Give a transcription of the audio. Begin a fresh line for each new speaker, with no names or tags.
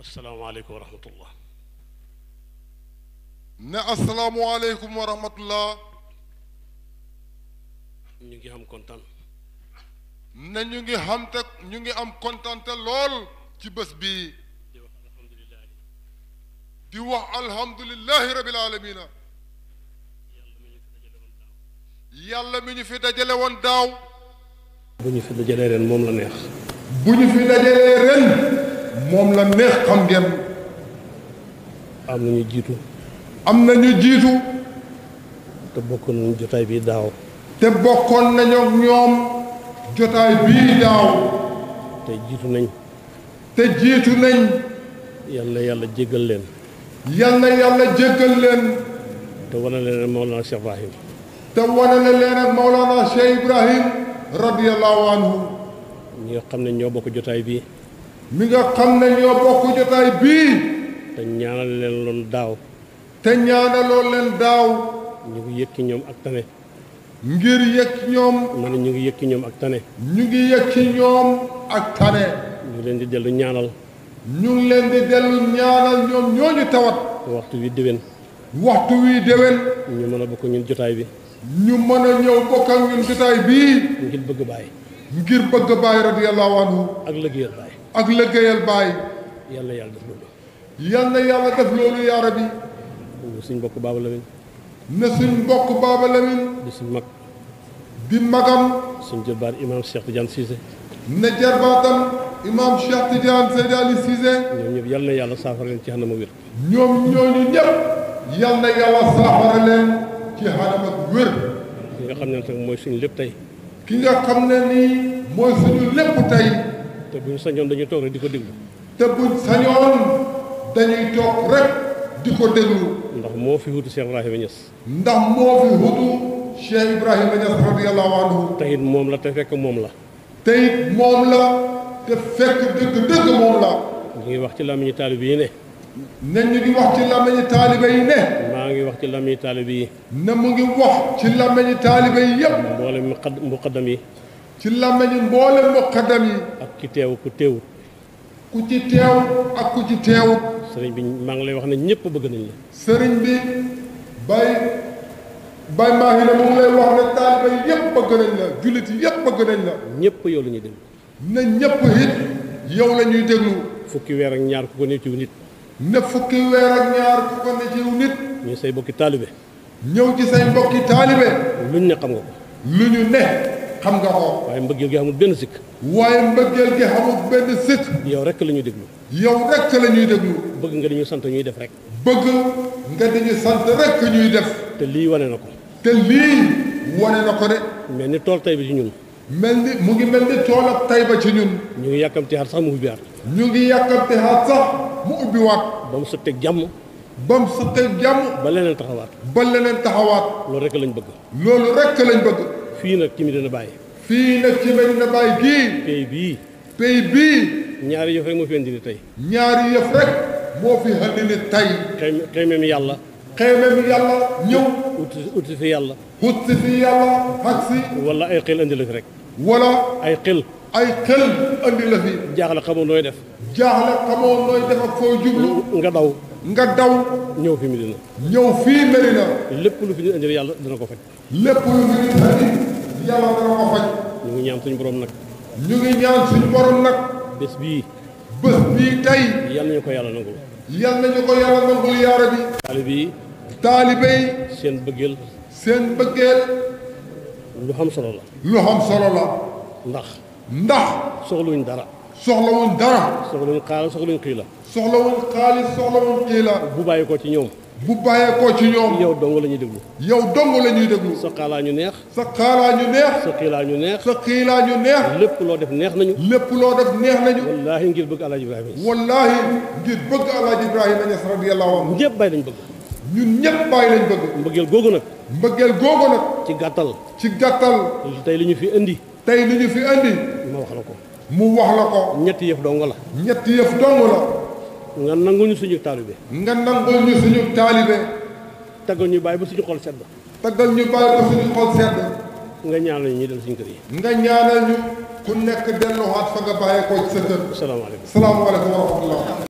asalaamaaleykum wa rahmatullah ne asalaamualeykum wa rahmatullah ñu ngi am kontaan ne ñu ngi xam ñu ngi am kontanta lool ci bés bi di wax alhamdulilah di wax alhamdulilahi rabil alamina yàlla mi ñu fi dajale woon daaw bu ñu fi dajalee ren moom bu ñu fi dajalee ren moom la neex xam ngeen. am na ñu jiitu. am na ñu jiitu. te bokkoon nañu jotaay bii daaw. te bokkoon nañoo ñoom jotaay bii daaw. te jiitu nañ. te jiitu nañ. yàlla yàlla jéggal leen. yàlla yàlla jéggal leen. te wane leen ak Mawlana te wane leen ak Mawlana Cheikh Ibrahim. radiyallahu anhu. ñi nga xam ne ñoo bokk jotaay bii. mi nga xam ne ñoo bokk jotaay bii te ñaanal leen loon daaw te ñaanaloon leen daaw ñu ngi yëg ci ñoom ak tane ngir yëg ci ñoom ma ñu ngi yëg ci ñoom ak tane ñu ngi yëg ci ñoom ak tane leen di dellu ñaanal ñu ngi leen di dellu ñaanal ñoom ñooñu tawat waxtu wi déwén waxtu wi déwén ñu mën a bokk ñun jotaay bi ñu mën a ñëw bokk ak ñun jotaay bii ngir bëgg bàyyi ngir bëgg Baay radiyallahu anhu ak lëggéeyal Baay. ak lëggéeyal Baay. yal na yàlla def loolu. yal na yàlla suñ mbokk Baaba Lamin. na suñ mbokk Baaba Lamin. di mag. di magam. suñ jërbaat imaam Cheikh Tidiane Cissé. na jarbaatam imaam Cheikh Tidiane Seydi Ali Cissé. ñoom ñëpp yal na yàlla saafara leen ci xanama wér. ñoom ñooñu ñëpp. yal na yàlla saafara leen ci xanama wér. nga xam ne nag mooy suñ lépp tey. ki nga xam ne ni mooy suñu lépp tey. te sañoon dañuy toog rek di ko déglu. te buñ sañoon dañuy toog rek di ko déglu. ndax moo fi wutu Cheikh Ibrahima Niass. ndax moo fi wutu. Cheikh Ibrahima Niass radiyallahu teyit moom la te fekk moom la. teyit moom la te fekk dëgg-dëgg moom la. ñu ngi wax ci làmmiñu taalibe yi ne. nañ ñu ngi wax ci làmmiñu taalibe yi ne. maa ngi wax ci làmmiñu taalibe yi ne mu ngi wax ci làmmiñu taalibe yi yépp mboolem muqaddam yi ci làmmiñu mboolem muqaddam yi ak ci teew ku teewut ku ci teew ak ku ci teewut sëriñ bi maa ngi lay wax ne ñëpp bëgg nañ la sëriñ bi bay bay maa ngi ne mu ngi lay wax ne taalibe yépp bëgg nañ la jullit yépp bëgg nañ la ñëpp yow la ñuy na ñëpp yow la ñuy déglu fukki weer ak ñaar ku ko ne ci nit ne fukki weer ak ñaar ku ko ne ci nit ñu say bokki taalibe ñëw ci say mbokki taalibe lu ñu ne xam nga ko lu ñu ne xam nga ko waaye mbëggeel gi amul benn sikk waaye mbëggeel gi amul benn sikk yow rek la ñuy déglu yow rek la ñuy déglu bëgg nga dañu sant ñuy def rek bëgg nga dañu sant rek ñuy def te lii wane na ko te lii wane na ko de mel ni tool tay bi ci ñun mel ni mu ngi mel ni tool ak tay ba ci ñun ñu ngi yàkkamti xaat sax mu ubbi waat ñu ngi yàkkamti sax mu ubbi waat ba mu sotteeg jàmm ba mu sëqee jàmm. ba leneen taxawaat. ba leneen taxawaat. loolu rek lañ bëgg. loolu rek lañ bëgg. fii nag ci Medina Baye. fii nag ci Medina Baye gii. pay bii. pay bii. ñaari yëf rek moo fi indi ni tey. ñaari yëf rek yàlla. xeeme mi yàlla ñëw. ut ut si fi yàlla. ut si fi yàlla. ak si. wala ay xel indi la fi rek. wala. ay xel. ay xel andi la fi. jaaxle xamoo nooy def. jaaxle ak foo jublu. nga daw. nga daw. ñëw fii Medina. ñëw fii Medina. lépp lu fi ñu indi yàlla dana ko faj. lépp lu fi ñu indi yàlla dana ko faj. ñu ngi ñaan suñu borom nag. ñu ngi ñaan suñu borom nag. bés bii. bés bii tey. yàlla nangul. yal ko yàlla nangul yaara bi. taalibe yi. taalibe seen bëggeel. seen bëggeel. lu xam solo la. lu xam solo la. ndax. ndax. soxluñu dara. soxlawuñ dara. soxlawuñ xaalis soxlawuñ xiila. soxlawuñ xaalis soxlawuñ xiila. bu bàyyi ko ci ñoom. bu bàyyeekoo ci ñoom. yow dong la ñuy déglu. yow dong la ñuy déglu. sa xaalaa ñu neex. sa xaalaa ñu neex. sa ñu neex. sa xiilaa ñu neex. lépp loo def neex nañu. lépp loo def neex nañu. wallaahi ngir bëgg El Hadj Ibrahima. wallaahi ngir bëgg El Hadj Ibrahima Niass radiyallaahu anhu. ñëpp bàyyi lañ bëgg. ñun ñëpp bàyyi lañ bëgg. mbëggeel googu nag. mbëggeel googu nag. ci gàttal. ci gàttal. tey li ñu fi indi. tey li ñu fi andi. mu wax la ko. mu wax la ko. ñetti yëf dong la. ñetti yëf dong la. nga nanguñu suñu taalibe. nga nanguñu suñu taalibe. taggal ñu bàyyi ba suñu xol sedd. taggal ñu bàyyi ba suñu xol sedd. nga ñaanal ñu dellu suñu kër yi. nga ñaanal ñu ku nekk delluwaat fa nga bàyyeekoo ci sa kër. salaamaaleykum salaamaaleykum wa rahmatulah.